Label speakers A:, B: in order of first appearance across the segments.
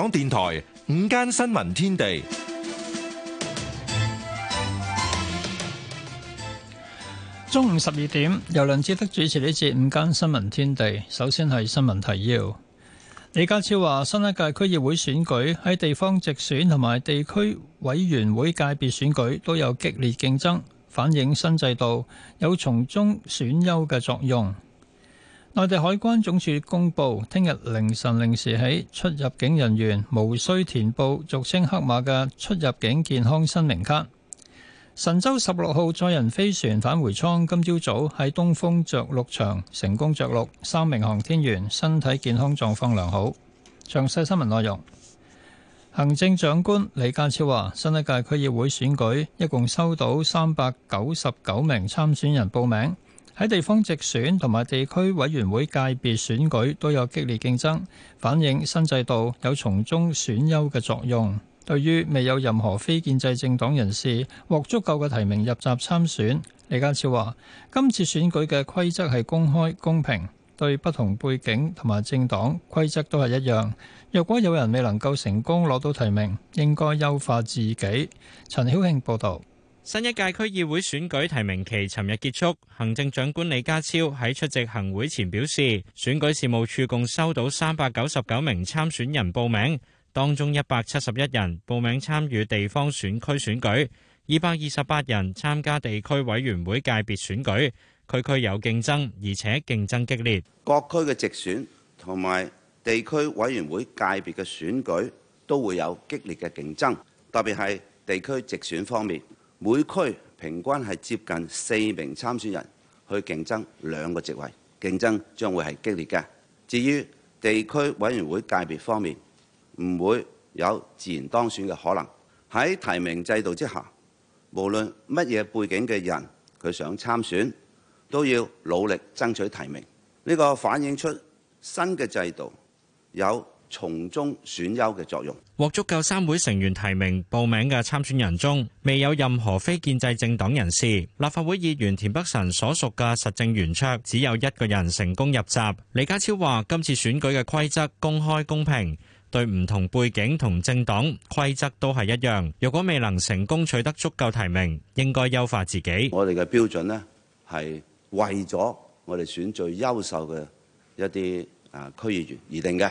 A: 港電台午間新聞天地，
B: 中午十二點由梁志德主持呢節午間新聞天地。首先係新聞提要，李家超話新一屆區議會選舉喺地方直選同埋地區委員會界別選舉都有激烈競爭，反映新制度有從中選優嘅作用。內地海關總署公布，聽日凌晨零時起，出入境人員無需填報俗稱“黑馬”嘅出入境健康申明卡。神舟十六號載人飛船返回艙今朝早喺東風着陸場成功着陸，三名航天員身體健康狀況良好。詳細新聞內容，行政長官李家超話，新一屆區議會選舉一共收到三百九十九名參選人報名。喺地方直選同埋地區委員會界別選舉都有激烈競爭，反映新制度有從中選優嘅作用。對於未有任何非建制政黨人士獲足夠嘅提名入閘參選，李家超話：今次選舉嘅規則係公開公平，對不同背景同埋政黨規則都係一樣，若果有人未能夠成功攞到提名，應該優化自己。陳曉慶報道。
A: 新一屆區議會選舉提名期尋日結束，行政長官李家超喺出席行會前表示，選舉事務處共收到三百九十九名參選人報名，當中一百七十一人報名參與地方選區選舉，二百二十八人參加地區委員會界別選舉。區區有競爭，而且競爭激烈。
C: 各區嘅直選同埋地區委員會界別嘅選舉都會有激烈嘅競爭，特別係地區直選方面。每區平均係接近四名參選人去競爭兩個席位，競爭將會係激烈嘅。至於地區委員會界別方面，唔會有自然當選嘅可能。喺提名制度之下，無論乜嘢背景嘅人，佢想參選，都要努力爭取提名。呢個反映出新嘅制度有從中選優嘅作用，
A: 獲足夠三會成員提名，報名嘅參選人中，未有任何非建制政黨人士。立法會議員田北辰所屬嘅實政圓桌，只有一個人成功入閘。李家超話：今次選舉嘅規則公開公平，對唔同背景同政黨規則都係一樣。如果未能成功取得足夠提名，應該優化自己。
C: 我哋嘅標準呢，係為咗我哋選最優秀嘅一啲啊區議員而定嘅。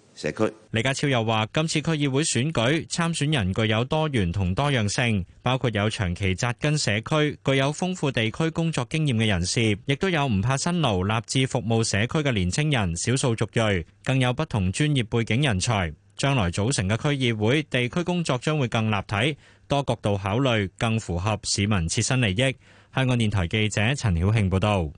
C: 社區李
A: 家超又話：今次區議會選舉參選人具有多元同多樣性，包括有長期扎根社區、具有豐富地區工作經驗嘅人士，亦都有唔怕辛勞、立志服務社區嘅年青人、少數族裔，更有不同專業背景人才。將來組成嘅區議會，地區工作將會更立體，多角度考慮，更符合市民切身利益。香港電台記者陳曉慶報道。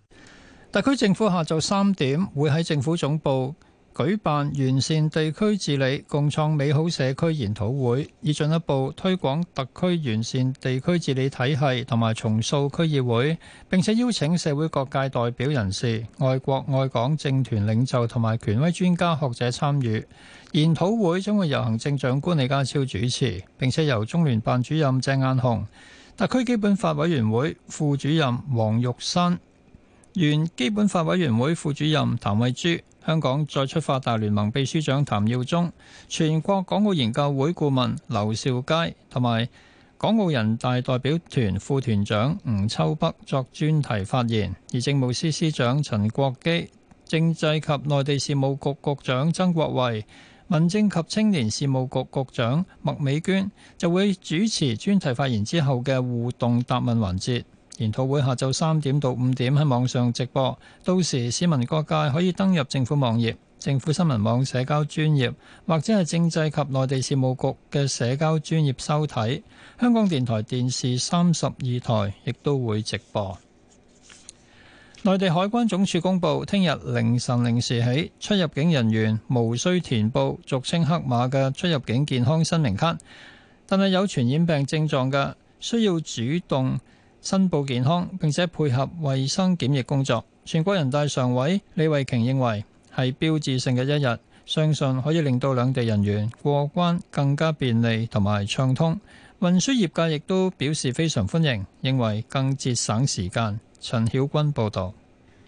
B: 特區政府下晝三點會喺政府總部，舉辦完善地區治理、共創美好社區研討會，以進一步推廣特區完善地區治理體系，同埋重塑區議會。並且邀請社會各界代表人士、愛國愛港政團領袖同埋權威專家學者參與。研討會將會由行政長官李家超主持，並且由中聯辦主任鄭雁雄、特區基本法委員會副主任黃玉山、原基本法委員會副主任譚慧珠、香港再出發大聯盟秘書長譚耀宗、全國港澳研究會顧問劉兆佳同埋港澳人大代表團副團長吳秋北作專題發言，而政務司司長陳國基、政制及內地事務局局長曾國衛、民政及青年事務局局長麥美娟就會主持專題發言之後嘅互動答問環節。研討會下晝三點到五點喺網上直播，到時市民各界可以登入政府網頁、政府新聞網社交專業，或者係政制及內地事務局嘅社交專業收睇。香港電台電視三十二台亦都會直播。內地海關總署公布，聽日凌晨零時起，出入境人員無需填報俗稱“黑馬”嘅出入境健康申明卡，但係有傳染病症狀嘅，需要主動。申報健康，並且配合衞生檢疫工作。全國人大常委李慧瓊認為係標誌性嘅一日，相信可以令到兩地人員過關更加便利同埋暢通。運輸業界亦都表示非常歡迎，認為更節省時間。陳曉君報導。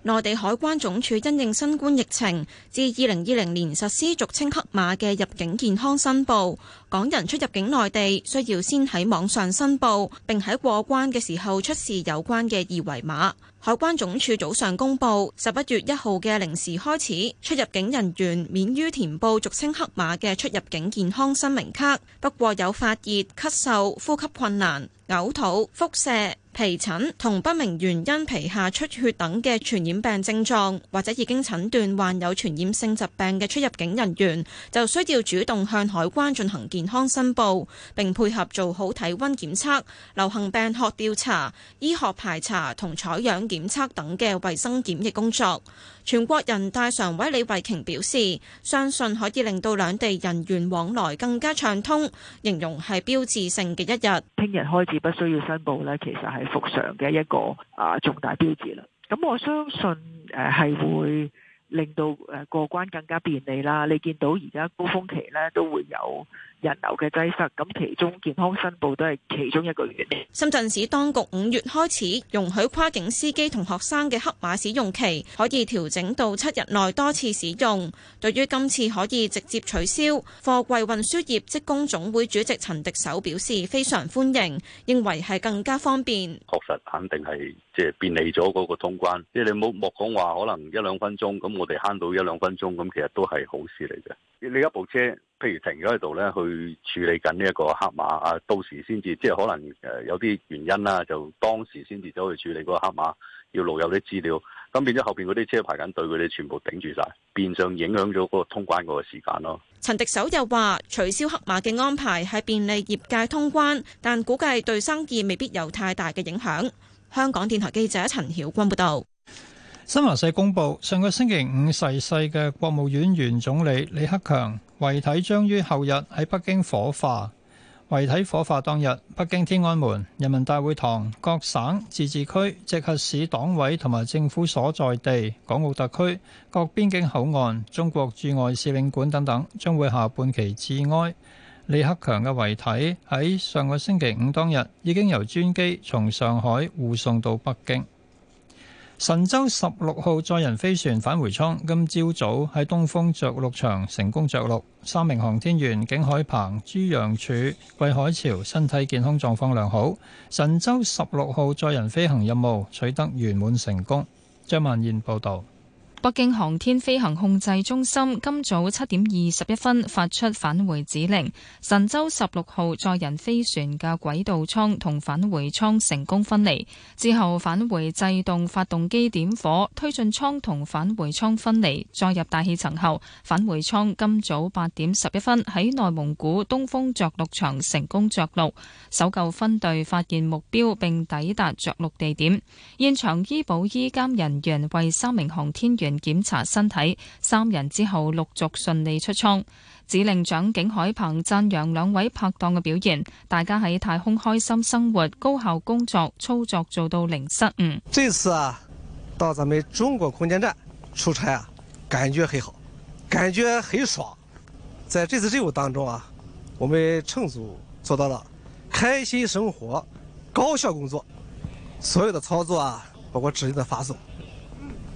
D: 內地海關總署因應新冠疫情，自二零二零年實施俗稱黑碼嘅入境健康申報。港人出入境內地需要先喺網上申報，並喺過關嘅時候出示有關嘅二維碼。海關總署早上公佈，十一月一號嘅零時開始，出入境人員免於填報俗稱黑碼嘅出入境健康申明卡。不過有發熱、咳嗽、呼吸困難、嘔吐、腹瀉、皮疹同不明原因皮下出血等嘅傳染病症狀，或者已經診斷患有傳染性疾病嘅出入境人員，就需要主動向海關進行健康申報，並配合做好體溫檢測、流行病學調查、醫學排查同採樣檢測等嘅衛生檢疫工作。全國人大常委李慧瓊表示，相信可以令到兩地人員往來更加暢通，形容係標誌性嘅一日。
E: 聽日開始不需要
F: 申報咧，其實係。復常嘅一個啊重大標誌啦，咁我相信誒係會令到誒過關更加便利啦。你見到而家高峰期咧都會有。 人流嘅擠塞，咁其中健康申報都係其中一個原因。
D: 深圳市當局五月開始容許跨境司機同學生嘅黑馬使用期可以調整到七日內多次使用。對於今次可以直接取消，貨櫃運輸業職工總會主席陳迪手表示非常歡迎，認為係更加方便。
F: 確實肯定係即係便利咗嗰個通關，即係你冇莫講話，可能一兩分鐘咁，我哋慳到一兩分鐘咁，其實都係好事嚟嘅。
C: 你一部車，
F: 譬如停咗喺度咧，去處理緊呢一個黑馬啊，到時先至即係可能誒有啲原因啦，就當時先至走去處理嗰個黑馬，要錄有啲資料，咁變咗後邊嗰啲車排緊隊，佢哋全部頂住晒，變相影響咗嗰個通關嗰個時間咯。
D: 陳迪首又話，取消黑馬嘅安排係便利業界通關，但估計對生意未必有太大嘅影響。香港電台記者陳曉君報道。
B: 新華社公佈上個星期五逝世嘅國務院原總理李克強。遺體將於後日喺北京火化。遺體火化當日，北京天安門、人民大會堂、各省自治區直轄市黨委同埋政府所在地、港澳特區、各邊境口岸、中國駐外使領館等等，將會下半旗致哀。李克強嘅遺體喺上個星期五當日已經由專機從上海護送到北京。神舟十六號載人飛船返回艙今朝早喺東風着陸場成功着陸，三名航天員景海鵬、朱楊柱、桂海潮身體健康狀況良好，神舟十六號載人飛行任務取得圓滿成功。張萬燕報道。
E: 北京航天飛行控制中心今早七點二十一分發出返回指令，神舟十六號載人飛船嘅軌道艙同返回艙成功分離。之後返回制動發動機點火，推進艙同返回艙分離，再入大氣層後，返回艙今早八點十一分喺內蒙古東風着陸場成功着陸。搜救分隊發現目標並抵達着陸地點，現場醫保醫監人員為三名航天員，檢查身體，三人之後陸續順利出艙。指令長景海鵬讚揚兩位拍檔嘅表現，大家喺太空開心生活，高效工作，操作做到零失誤。
C: 這次啊，到咱們中國空間站出差啊，感覺很好，感覺很爽。在這次任務當中啊，我們乘組做到了開心生活、高效工作，所有的操作啊，包括指令的發送。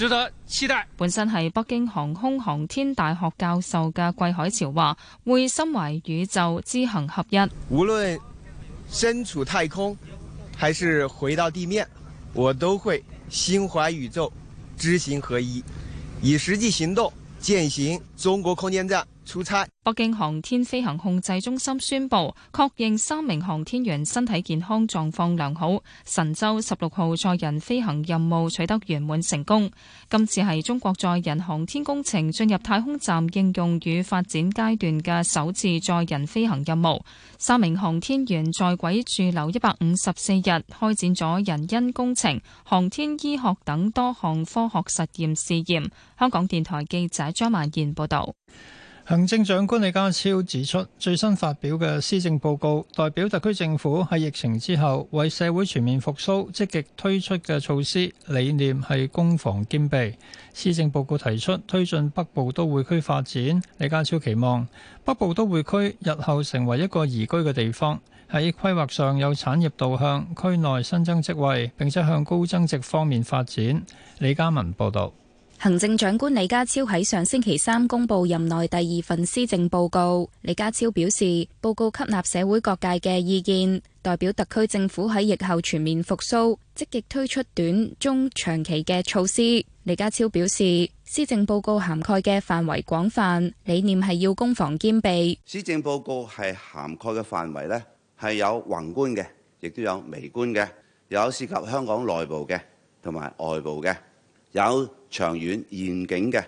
B: 值得期待。
E: 本身係北京航空航天大學教授嘅桂海潮話：會心懷宇宙知行合一。
B: 無論身處太空，還是回到地面，我都會心懷宇宙知行合一，以實際行動踐行中國空間站。
E: 北京航天飛行控制中心宣布，確認三名航天員身體健康狀況良好，神舟十六號載人飛行任務取得圓滿成功。今次係中國載人航天工程進入太空站應用與發展階段嘅首次載人飛行任務。三名航天員在軌駐留一百五十四日，開展咗人因工程、航天醫學等多項科學實驗試驗。香港電台記者張曼燕報道。
B: 行政長官李家超指出，最新發表嘅施政報告代表特區政府喺疫情之後為社會全面復甦積極推出嘅措施，理念係攻防兼備。施政報告提出推進北部都會區發展，李家超期望北部都會區日後成為一個宜居嘅地方，喺規劃上有產業導向，區內新增職位並且向高增值方面發展。李嘉文報導。
G: 行政長官李家超喺上星期三公布任內第二份施政報告。李家超表示，報告吸納社會各界嘅意見，代表特區政府喺疫後全面復甦，積極推出短、中、長期嘅措施。李家超表示，施政報告涵蓋嘅範圍廣泛，理念係要攻防兼備。
C: 施政報告係涵蓋嘅範圍呢係有宏觀嘅，亦都有微觀嘅，有涉及香港內部嘅同埋外部嘅，有。長遠遠景嘅，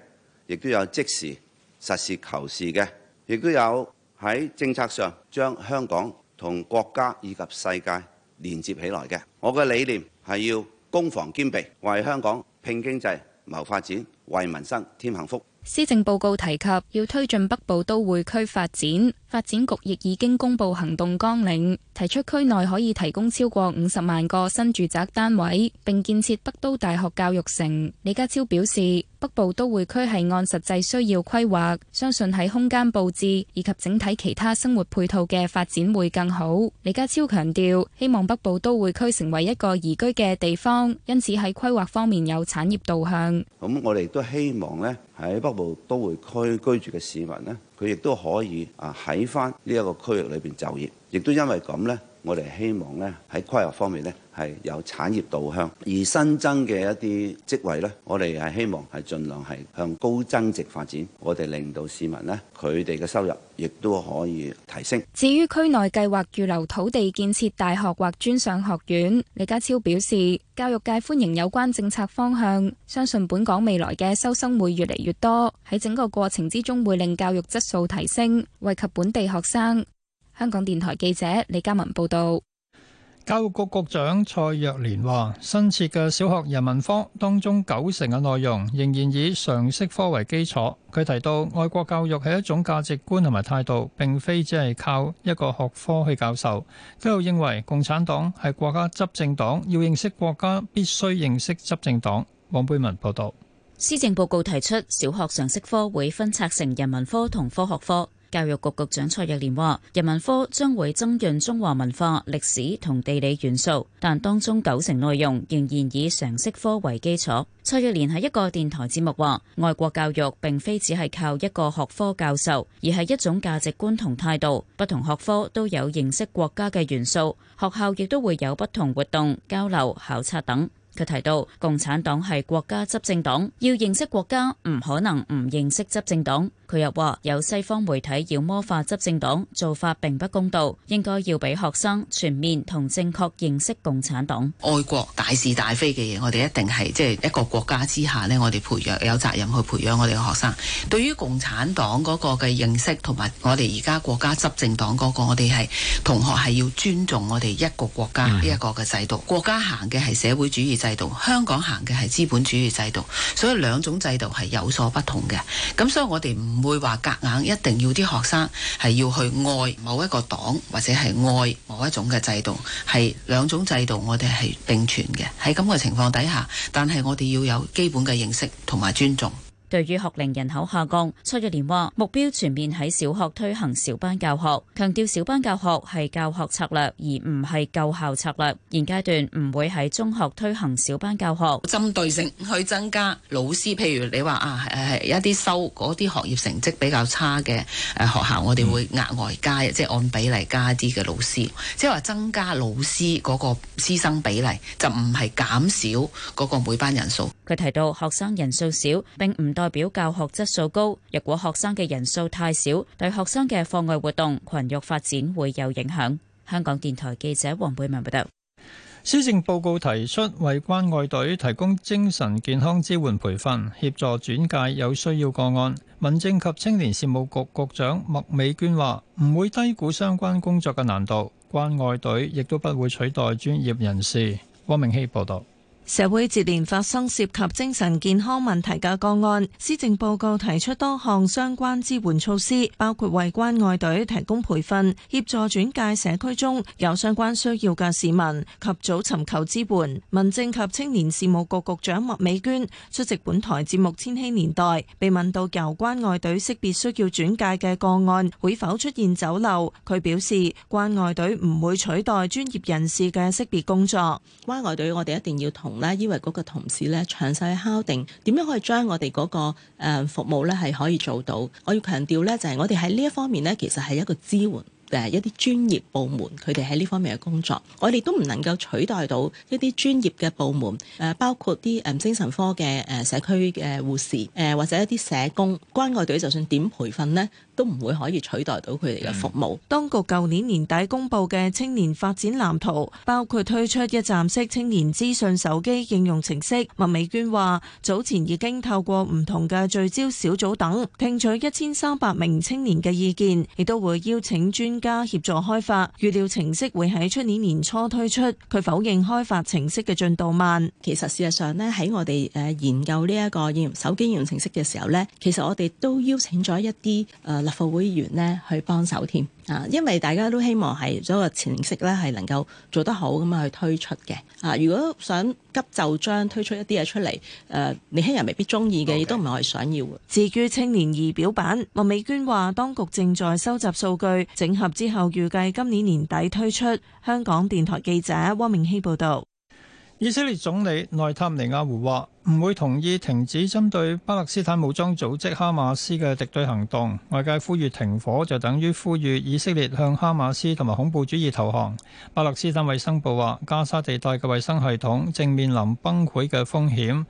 C: 亦都有即時、實事求是嘅，亦都有喺政策上將香港同國家以及世界連接起來嘅。我嘅理念係要攻防兼備，為香港拼經濟、謀發展，為民生添幸福。
G: 施政報告提及要推進北部都會區發展。發展局亦已經公布行動綱領，提出區內可以提供超過五十萬個新住宅單位，並建設北都大學教育城。李家超表示，北部都會區係按實際需要規劃，相信喺空間佈置以及整體其他生活配套嘅發展會更好。李家超強調，希望北部都會區成為一個宜居嘅地方，因此喺規劃方面有產業導向。
C: 咁我哋都希望呢，喺北部都會區居住嘅市民咧。佢亦都可以啊喺返呢一個區域裏邊就業，亦都因為咁咧。我哋希望呢喺規劃方面呢，係有產業導向，而新增嘅一啲職位呢，我哋係希望係盡量係向高增值發展，我哋令到市民呢，佢哋嘅收入亦都可以提升。
G: 至於區內計劃預留土地建設大學或專上學院，李家超表示，教育界歡迎有關政策方向，相信本港未來嘅收生會越嚟越多，喺整個過程之中會令教育質素提升，惠及本地學生。香港電台記者李嘉文報道，
B: 教育局局長蔡若蓮話：新設嘅小學人文科當中，九成嘅內容仍然以常識科為基礎。佢提到，愛國教育係一種價值觀同埋態度，並非只係靠一個學科去教授。佢又認為，共產黨係國家執政黨，要認識國家，必須認識執政黨。黃貝文報道，
H: 施政報告提出，小學常識科會分拆成人文科同科學科。教育局局長蔡若蓮話，人文科將會增潤中華文化、歷史同地理元素，但當中九成內容仍然以常識科為基礎。蔡若蓮喺一個電台節目話，外國教育並非只係靠一個學科教授，而係一種價值觀同態度。不同學科都有認識國家嘅元素，學校亦都會有不同活動、交流、考察等。佢提到，共產黨係國家執政黨，要認識國家，唔可能唔認識執政黨，佢又話有西方媒體要魔化執政黨做法並不公道，應該要俾學生全面同正確認識共產黨愛國大是大非
E: 嘅嘢，我哋一定係即係一個國家之下咧，我哋培養有責任去培養我哋嘅學生。對於共產黨嗰個嘅認識同埋我哋而家國家執政黨嗰個，我哋係同學，係要尊重我哋一個國家呢一個嘅制度，國家行嘅係社會主義制度，香港行嘅係資本主義制度，所以兩種制度係有所不同嘅。咁所以我哋唔會話夾硬，硬一定要啲學生係要去愛某一個黨或者係愛某一種嘅制度，係兩種制度我哋係並存嘅。喺咁嘅情況底下，但係我哋要有基本嘅認識同埋尊重。對於學齡人口下
H: 降，蔡若蓮話目標全面喺小學推行小班教學，強調小班教學係教學策略而唔係救校策略。現階段唔會喺中學推行小
E: 班教學，針對性去增加老師。譬如你話啊，係係一啲收嗰啲學業成績比較差嘅誒學校，我哋會額外加即係按比例加啲嘅老師，即係話增加老師嗰個師生比例，就唔係減少嗰個每班人數。
H: 佢提到學生人數少並唔多代表教學質素高，若果學生嘅人數太少，對學生嘅課外活動、群育發展會有影響。香港電台記者黃貝文報道。
B: 施政報告提出為關愛隊提供精神健康支援培訓，協助轉介有需要個案。民政及青年事務局局局長麥美娟話：唔會低估相關工作嘅難度，關愛隊亦都不會取代專業人士。汪明希報道。
I: 社會接連發生涉及精神健康問題嘅個案，施政報告提出多項相關支援措施，包括為關愛隊提供培訓，協助轉介社區中有相關需要嘅市民及早尋求支援。民政及青年事務局局長麥美娟出席本台節目《千禧年代》，被問到由關愛隊識別需要轉介嘅個案會否出現走漏，佢表示關愛隊唔會取代專業人士嘅識別工作。關愛隊我哋一定要同。啦，因為嗰個同事咧詳細敲定點樣可以將我哋嗰個服務咧係可
D: 以做到。我要強調咧，就係我哋喺呢一方面咧，其實係一個支援誒一啲專業部門，佢哋喺呢方面嘅工作，我哋都唔能夠取代到一啲專業嘅部門誒，包括啲誒精神科嘅誒社區嘅護士誒，或者一啲社工關
I: 愛隊，就算點培訓呢。都唔會可以取代到佢哋嘅服務。嗯、當局舊年年底公布嘅青年發展藍圖，包括推出一站式青年資訊手機應用程式。麥美娟話：早前已經透過唔同嘅聚焦小組等，聽取一千三百名青年嘅意見，亦都會邀請專家協助開發。預料程式會喺出年年初推出。佢否認開發程式嘅進度慢。其實事實上呢，喺我哋誒研究呢一個手機應用程式嘅時候呢，其實我哋
D: 都邀請咗一啲誒。呃立法會議員咧去幫手添啊，因為大家都希望係做個前色咧，係能夠做得好咁去推出嘅啊。如果想急就
I: 章推出一啲嘢出嚟，誒、啊、年輕人未必中意嘅，亦都唔係我哋想要嘅。至於 Okay. 青年儀表板，麥美娟話：當局正在收集數據整合之後，預計今年年底推出。香港電台記者汪明熙報導。
B: 以色列總理內塔尼亞胡話。唔會同意停止針對巴勒斯坦武裝組織哈馬斯嘅敵對行動。外界呼籲停火，就等於呼籲以色列向哈馬斯同埋恐怖主義投降。巴勒斯坦衛生部話，加沙地帶嘅衛生系統正面臨崩潰嘅風險。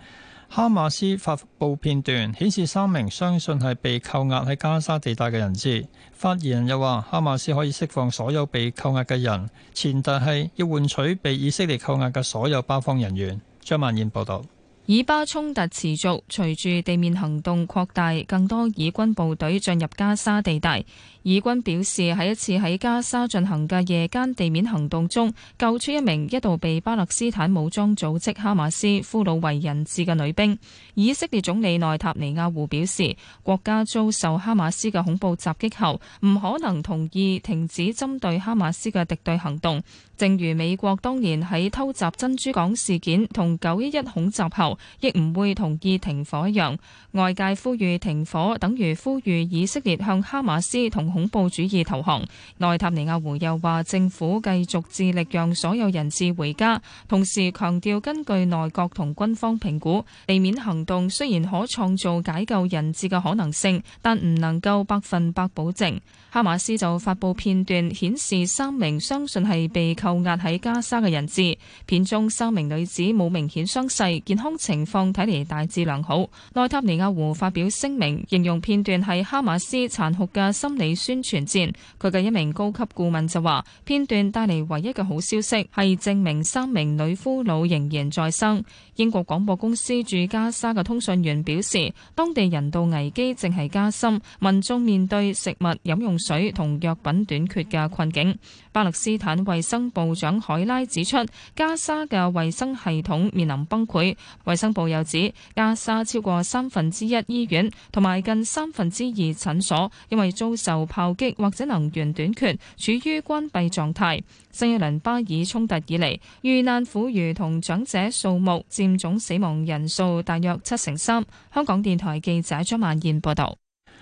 B: 哈馬斯發布片段，顯示三名相信係被扣押喺加沙地帶嘅人質。發言人又話，哈馬斯可以釋放所有被扣押嘅人，前提係要換取被以色列扣押嘅所有巴方人員。張曼燕報導。
E: 以巴衝突持續，隨住地面行動擴大，更多以軍部隊進入加沙地帶。以軍表示，喺一次喺加沙進行嘅夜間地面行動中，救出一名一度被巴勒斯坦武裝組織哈馬斯俘虜為人質嘅女兵。以色列總理內塔尼亞胡表示，國家遭受哈馬斯嘅恐怖襲擊後，唔可能同意停止針對哈馬斯嘅敵對行動。正如美國當年喺偷襲珍珠港事件同九一一恐襲後。亦唔會同意停火一樣，外界呼籲停火等於呼籲以色列向哈馬斯同恐怖主義投降。內塔尼亞胡又話政府繼續致力讓所有人質回家，同時強調根據內閣同軍方評估，地面行動雖然可創造解救人質嘅可能性，但唔能夠百分百保證。哈馬斯就發布片段顯示三名相信係被扣押喺加沙嘅人質，片中三名女子冇明顯傷勢，健康情況睇嚟大致良好。內塔尼亞胡發表聲明，形容片段係哈馬斯殘酷嘅心理宣傳戰。佢嘅一名高級顧問就話，片段帶嚟唯一嘅好消息係證明三名女俘虜仍然在生。英國廣播公司駐加沙嘅通訊員表示，當地人道危機正係加深，民眾面對食物、飲用水同藥品短缺嘅困境。巴勒斯坦衛生部長海拉指出，加沙嘅衛生系統面臨崩潰。衛生部又指，加沙超過三分之一醫院同埋近三分之二診所因為遭受炮擊或者能源短缺，處於關閉狀態。新一輪巴爾衝突以嚟，遇難婦孺同長者數目佔總死亡人數大約七成三。香港電台記者張萬燕報道。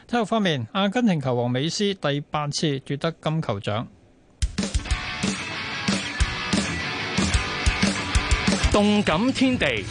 B: 體育方面，阿根廷球王美斯第八次奪得金球獎。動感天地。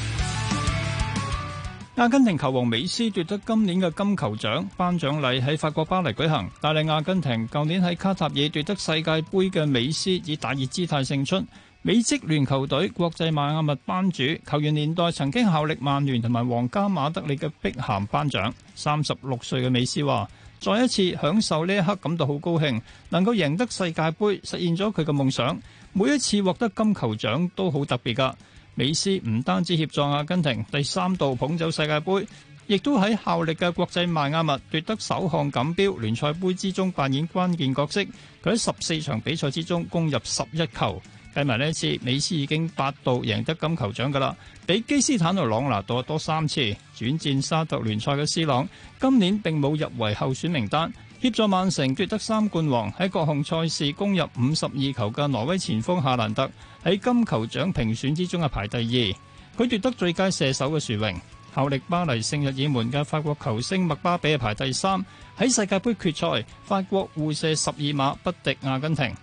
B: 阿根廷球王美斯奪得今年嘅金球獎，頒獎禮喺法國巴黎舉行。帶領阿根廷舊年喺卡塔爾奪得世界杯嘅美斯以大熱姿態勝出。美職聯球隊國際邁阿密班主，球員年代曾經效力曼聯同埋皇家馬德里嘅碧咸頒獎。三十六歲嘅美斯話：再一次享受呢一刻，感到好高興，能夠贏得世界杯，實現咗佢嘅夢想。每一次獲得金球獎都好特別噶。美斯唔單止協助阿根廷第三度捧走世界盃，亦都喺效力嘅國際邁阿密奪得首項錦標聯賽杯之中扮演關鍵角色。佢喺十四場比賽之中攻入十一球，計埋呢次，美斯已經八度贏得金球獎㗎啦，比基斯坦奴朗拿度多三次。轉戰沙特聯賽嘅斯朗今年並冇入圍候選名單，協助曼城奪得三冠王，喺各項賽事攻入五十二球嘅挪威前鋒夏蘭特。喺金球獎評選之中啊，排第二，佢奪得最佳射手嘅殊榮。效力巴黎聖日耳門嘅法國球星麥巴比啊，排第三。喺世界盃決賽，法國互射十二碼不敵阿根廷。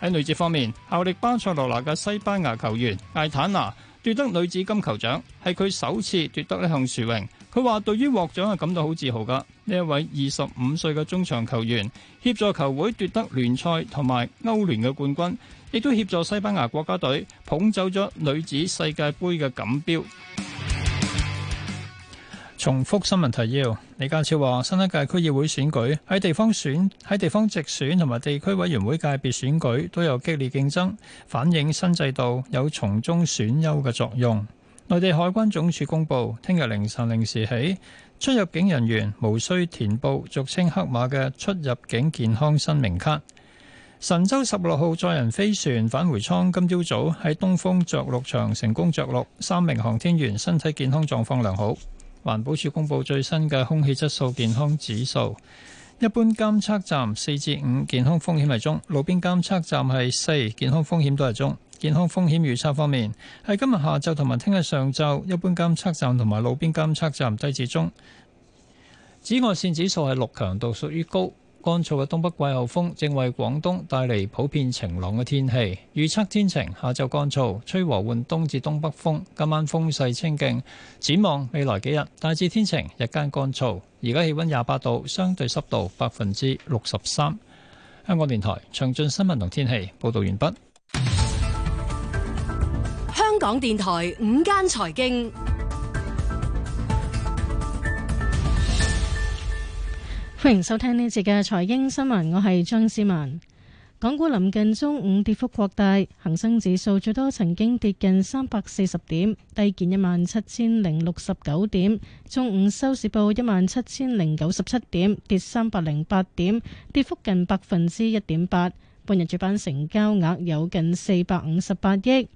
B: 喺女子方面，效力巴塞羅那嘅西班牙球員艾坦娜奪得女子金球獎，係佢首次奪得呢項殊榮。佢話對於獲獎係感到好自豪噶。呢一位二十五歲嘅中場球員，協助球會奪得聯賽同埋歐聯嘅冠軍。亦都協助西班牙國家隊捧走咗女子世界盃嘅錦標。重複新聞提要，李家超話：新一屆區議會選舉喺地方選、喺地方直選同埋地區委員會界別選舉都有激烈競爭，反映新制度有從中選優嘅作用。內地海關總署公佈，聽日凌晨零時起，出入境人員無需填報俗稱黑馬嘅出入境健康申明卡。神舟十六號載人飛船返回艙今朝早喺東風着陸場成功着陸，三名航天員身體健康狀況良好。環保署公布最新嘅空氣質素健康指數，一般監測站四至五，健康風險係中；路邊監測站係四，健康風險都係中。健康風險預測方面，喺今日下晝同埋聽日上晝，一般監測站同埋路邊監測站低至中。紫外線指數係六，強度屬於高。乾燥嘅東北季候風正為廣東帶嚟普遍晴朗嘅天氣。預測天晴，下晝乾燥，吹和緩東至東北風。今晚風勢清勁。展望未來幾日，大致天晴，日間乾燥。而家氣溫廿八度，相對濕度百分之六十三。香港電台詳盡新聞同天氣報道完畢。
J: 香港電台午間財經。歡迎收聽呢次嘅財經新聞，我係張思文。港股臨近中午，跌幅擴大，恒生指數最多曾經跌近三百四十點，低見一萬七千零六十九點。中午收市報一萬七千零九十七點，跌三百零八點，跌幅近百分之一點八。半日主板成交額有近四百五十八億。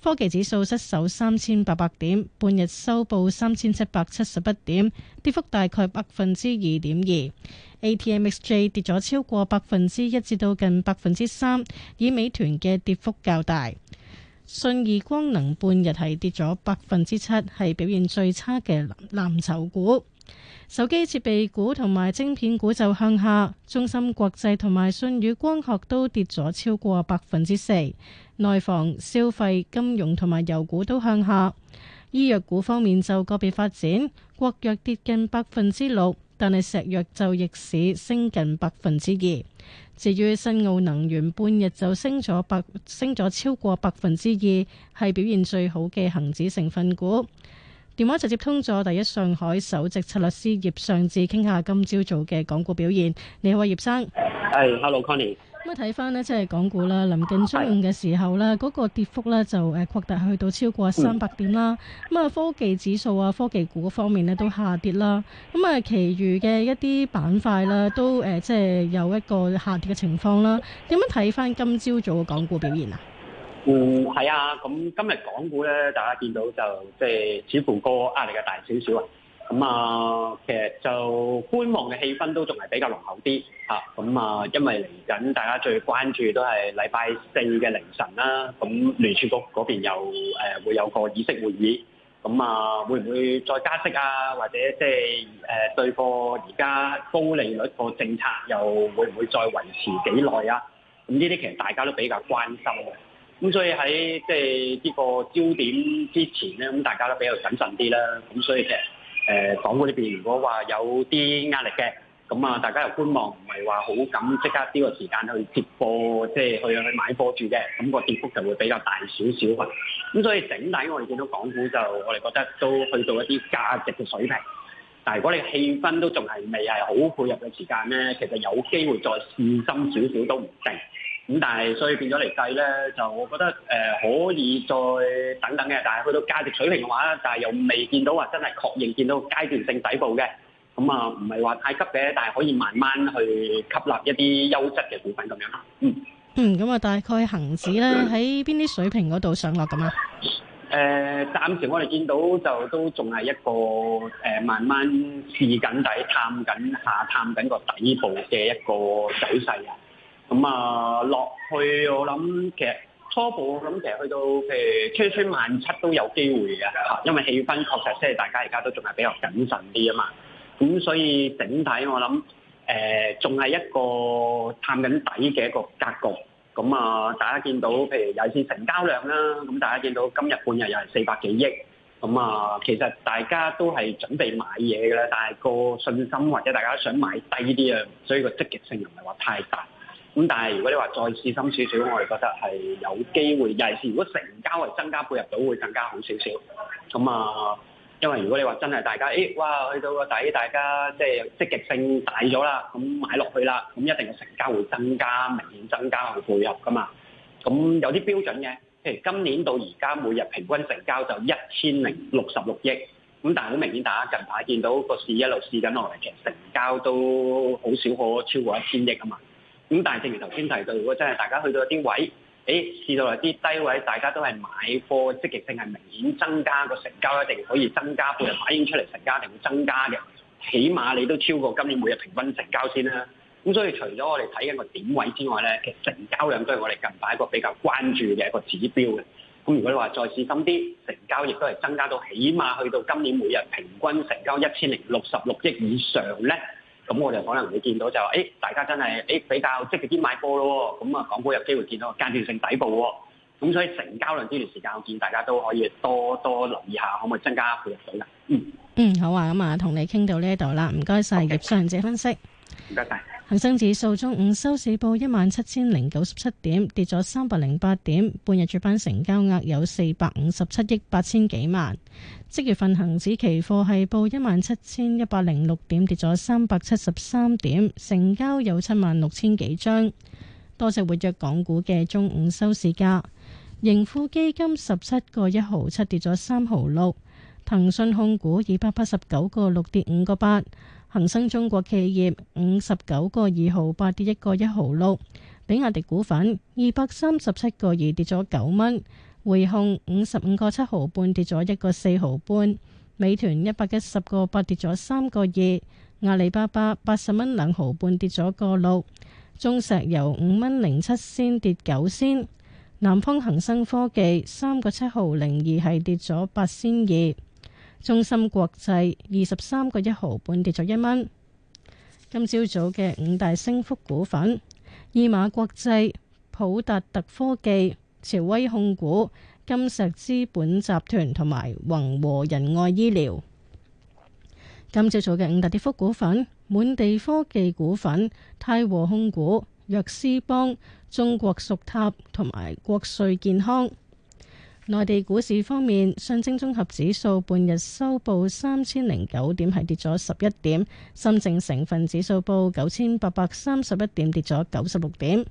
J: 科技指數失守三千八百點，半日收報三千七百七十一點，跌幅大概百分之二點二。ATMXJ 跌咗超過百分之一，至到近百分之三，以美團嘅跌幅較大。信義光能半日係跌咗百分之七，係表現最差嘅藍籌股。手機設備股同埋晶片股，就向下，中芯國際同埋舜宇光學都跌咗超過百分之四。內房、消費、金融同埋油股都向下。醫藥股方面就個別發展，國藥跌近百分之六，但係石藥就逆市升近百分之二。至於新奧能源，半日就升咗百升咗超過百分之二，係表現最好嘅恒指成分股。電話直接通咗第一上海首席策略師葉尚志傾下今朝早嘅港股表現，你好葉生。
F: 係，hello Connie。
J: 咁啊，睇翻呢即係港股啦，臨近中午嘅時候咧，嗰 Hi. 個跌幅呢就誒擴大去到超過三百點啦。咁啊，科技指數啊，科技股方面咧都下跌啦。咁啊，其餘嘅一啲板塊呢都誒即係有一個下跌嘅情況啦。點樣睇翻今朝早嘅港股表現啊？
F: 嗯，係啊，咁、嗯、今日港股咧，大家見到就即係、就是、似乎個壓力嘅大少少啊。咁、嗯、啊，其實就觀望嘅氣氛都仲係比較濃厚啲嚇。咁啊、嗯，因為嚟緊大家最關注都係禮拜四嘅凌晨啦。咁、啊、聯儲局嗰邊又誒會有個議息會議，咁、嗯、啊會唔會再加息啊？或者即係誒對貨而家高利率個政策又會唔會再維持幾耐啊？咁呢啲其實大家都比較關心嘅、啊。咁所以喺即係呢個焦點之前咧，咁大家都比較謹慎啲啦。咁所以其實誒、呃，港股呢邊，如果話有啲壓力嘅，咁啊大家又觀望，唔係話好敢即刻呢個時間去接貨，即係去去買貨住嘅。咁、個跌幅就會比較大少少啊。咁所以整體我哋見到港股就，我哋覺得都去到一啲價值嘅水平。但係，如果你氣氛都仲係未係好配合嘅時間咧，其實有機會再試深少少都唔定。咁、嗯、但係，所以變咗嚟計咧，就我覺得誒、呃、可以再等等嘅。但係去到價值水平嘅話咧，但係又未見到話真係確認見到階段性底部嘅。咁、嗯、啊，唔係話太急嘅，但係可以慢慢去吸納一啲優質嘅股份咁樣啦。嗯。
J: 嗯，咁啊，大概恆指咧喺邊啲水平嗰度上落咁啊？
F: 誒、呃，暫時我哋見到就都仲係一個誒、呃，慢慢試緊底、探緊下、探緊個底部嘅一個走勢啊。咁啊，落、嗯、去我諗，其實初步我諗，其實去到譬如吹吹萬七都有機會嘅嚇，因為氣氛確實，即係大家而家都仲係比較謹慎啲啊嘛。咁、嗯、所以整體我諗，誒仲係一個探緊底嘅一個格局。咁、嗯、啊，大家見到譬如有次成交量啦，咁大家見到今日半日又係四百幾億，咁、嗯、啊，其實大家都係準備買嘢嘅啦，但係個信心或者大家想買低啲啊，所以個積極性又唔係話太大。咁但係如果你話再試深少少，我哋覺得係有機會。尤其是如果成交係增加，配合到會更加好少少。咁啊，因為如果你話真係大家，誒、哎、哇，去到個底，大家即係積極性大咗啦，咁買落去啦，咁一定成交會增加，明顯增加同配合噶嘛。咁有啲標準嘅，譬如今年到而家每日平均成交就一千零六十六億。咁但係好明顯，大家近排見到個市一路試緊落嚟，其實成交都好少可超過一千億啊嘛。咁但係正如頭先提到，如果真係大家去到一啲位，誒、試到一啲低位，大家都係買貨積極性係明顯增加，個成交一定可以增加，或者反映出嚟成交一定會增加嘅。起碼你都超過今年每日平均成交先啦。咁所以除咗我哋睇緊個點位之外咧，其實成交量都係我哋近排一個比較關注嘅一個指標嘅。咁如果你話再小心啲，成交亦都係增加到起碼去到今年每日平均成交一千零六十六億以上咧。咁我哋可能會見到就話，欸，大家真係誒、欸，比較積極啲買股咯。咁、嗯、啊，港股有機會見到間斷性底部，咁、嗯，所以成交量呢段時間，我見大家都可以多多留意下，可唔可以增加配額水噶？嗯
J: 嗯，好啊，咁啊，同你傾到呢度啦，唔該晒，葉尚志分析，
F: 唔該晒。
J: 恒生指數中午收市報一萬七千零九十七點，跌咗三百零八點。半日主板成交額有四百五十七億八千幾萬。即月份恒指期貨係報一萬七千一百零六點，跌咗三百七十三點，成交有七萬六千幾張。多隻活躍港股嘅中午收市價。盈富基金十七個一毫七跌咗三毫六，騰訊控股二百八十九個六跌五個八。恒生中國企業五十九個二毫八跌一個一毫六，比亞迪股份二百三十七個二跌咗九蚊，匯控五十五個七毫半跌咗一個四毫半，美團一百一十個八跌咗三個二，阿里巴巴八十蚊兩毫半跌咗個六，中石油五蚊零七仙跌九仙，南方恒生科技三個七毫零二係跌咗八仙二。中芯國際二十三個一毫半跌咗一蚊。今朝早嘅五大升幅股份：易馬國際、普達特科技、朝威控股、金石資本集團同埋宏和仁愛醫療。今朝早嘅五大跌幅股份：滿地科技股份、泰和控股、藥師幫、中國屬塔同埋國瑞健康。內地股市方面，上證綜合指數半日收報三千零九點，係跌咗十一點；深證成分指數報九千八百三十一點，跌咗九十六點；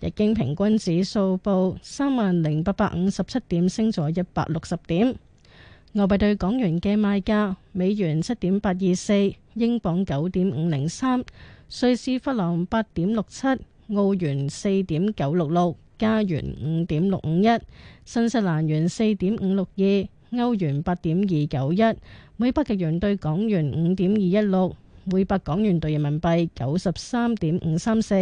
J: 日經平均指數報三萬零八百五十七點，升咗一百六十點。外幣對港元嘅賣價：美元七點八二四，英鎊九點五零三，瑞士法郎八點六七，67, 澳元四點九六六。加元五點六五一，1, 新西蘭元四點五六二，歐元八點二九一，每百日元兌港元五點二一六，每百港元兌人民幣九十三點五三四。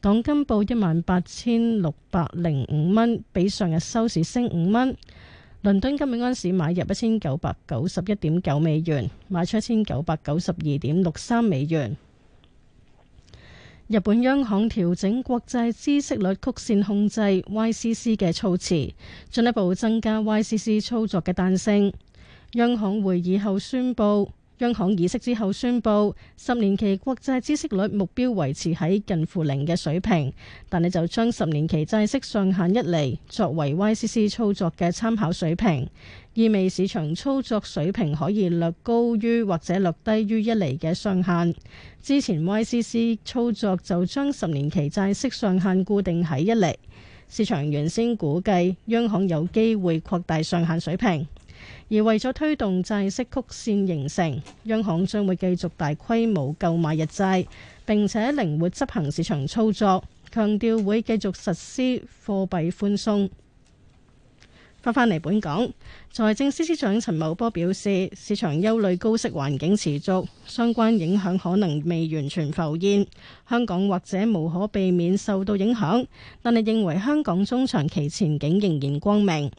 J: 港金報一萬八千六百零五蚊，比上日收市升五蚊。倫敦金美安市買入一千九百九十一點九美元，賣出一千九百九十二點六三美元。日本央行調整國際孳息率曲線控制 YCC 嘅措辭，進一步增加 YCC 操作嘅彈性。央行會議後宣布。央行議息之後宣布，十年期國債息率目標維持喺近乎零嘅水平，但係就將十年期債息上限一厘作為 YCC 操作嘅參考水平，意味市場操作水平可以略高於或者略低於一厘嘅上限。之前 YCC 操作就將十年期債息上限固定喺一厘，市場原先估計央行有機會擴大上限水平。而為咗推動債息曲線形成，央行將會繼續大規模購買日債，並且靈活執行市場操作，強調會繼續實施貨幣寬鬆。翻返嚟本港，財政司司長陳茂波表示，市場憂慮高息環境持續，相關影響可能未完全浮現，香港或者無可避免受到影響，但係認為香港中長期前景仍然光明。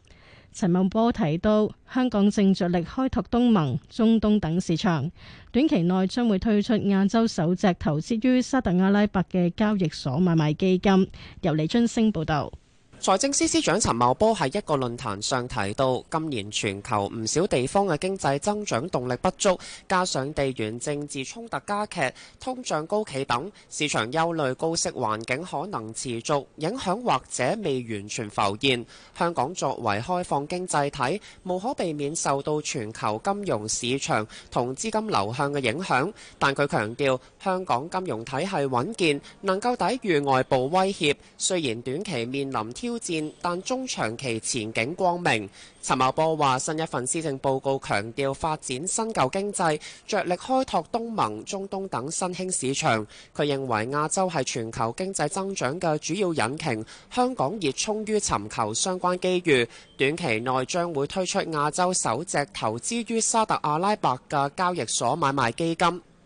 J: 陳茂波提到，香港正着力開拓東盟、中東等市場，短期內將會推出亞洲首隻投資於沙特阿拉伯嘅交易所買賣基金。由李津升報道。
K: 財政司司長陳茂波喺一個論壇上提到，今年全球唔少地方嘅經濟增長動力不足，加上地緣政治衝突加劇、通脹高企等，市場憂慮高息環境可能持續，影響或者未完全浮現。香港作為開放經濟體，無可避免受到全球金融市場同資金流向嘅影響，但佢強調香港金融體系穩健，能夠抵禦外部威脅。雖然短期面臨挑，挑戰，但中長期前景光明。陳茂波話，新一份施政報告強調發展新舊經濟，着力開拓東盟、中東等新興市場。佢認為亞洲係全球經濟增長嘅主要引擎，香港熱衷於尋求相關機遇。短期內將會推出亞洲首隻投資於沙特阿拉伯嘅交易所買賣基金。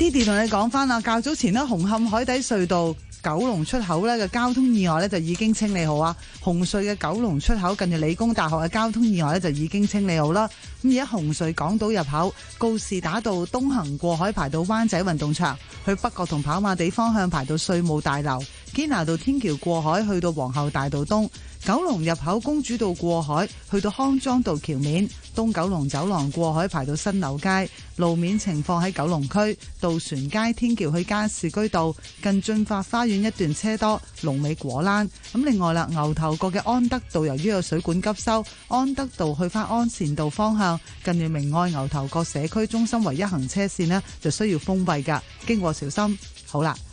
E: Didi 同你講翻啦，較早前呢，紅磡海底隧道九龍出口咧嘅交通意外咧就已經清理好啊，紅隧嘅九龍出口近住理工大學嘅交通意外咧就已經清理好啦。咁而家紅隧港島入口告士打道東行過海排到灣仔運動場，去北角同跑馬地方向排到稅務大樓。堅拿道天橋過海去到皇后大道東，九龍入口公主道過海去到康莊道橋面，東九龍走廊過海排到新樓街路面情況。喺九龍區，渡船街天橋去加士居道近駿發花園一段車多，龍尾果欄。咁另外啦，牛頭角嘅安德道由於有水管急修，安德道去翻安善道方向近住明愛牛頭角社區中心唯一行車線呢就需要封閉噶經過小心。好啦。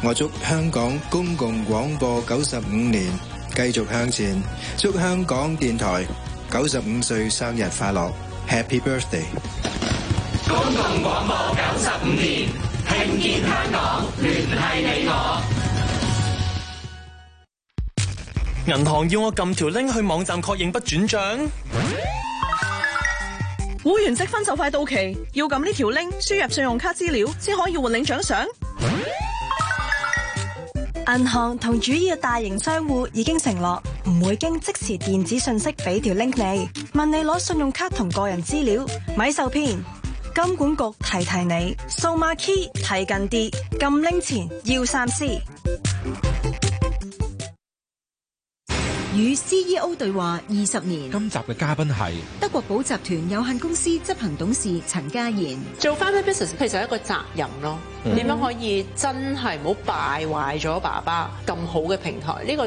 A: 我祝香港公共廣播九十五年繼續向前，祝香港電台九十五歲生日快樂，Happy Birthday！
C: 公共廣播九十五年，聽見香港，聯繫你我。
B: 銀行要我撳條 link 去網站確認不轉賬？
I: 會員積分就快到期，要撳呢條 link，輸入信用卡資料先可以換領獎賞。銀行同主要大型商戶已經承諾唔會經即時電子信息俾條 link 你，問你攞信用卡同個人資料，咪受騙。金管局提提你，數碼 key 提近啲，撳 link 前要三思。與 CEO 對話二十年。今
A: 集嘅嘉賓係
I: 德國
D: 寶集團有限公司執行董事陳家賢，
I: 做 family business 其實係一個責任咯，
E: 點樣、mm. 可以真係唔好敗壞咗爸爸咁好嘅平台呢、這個、就。是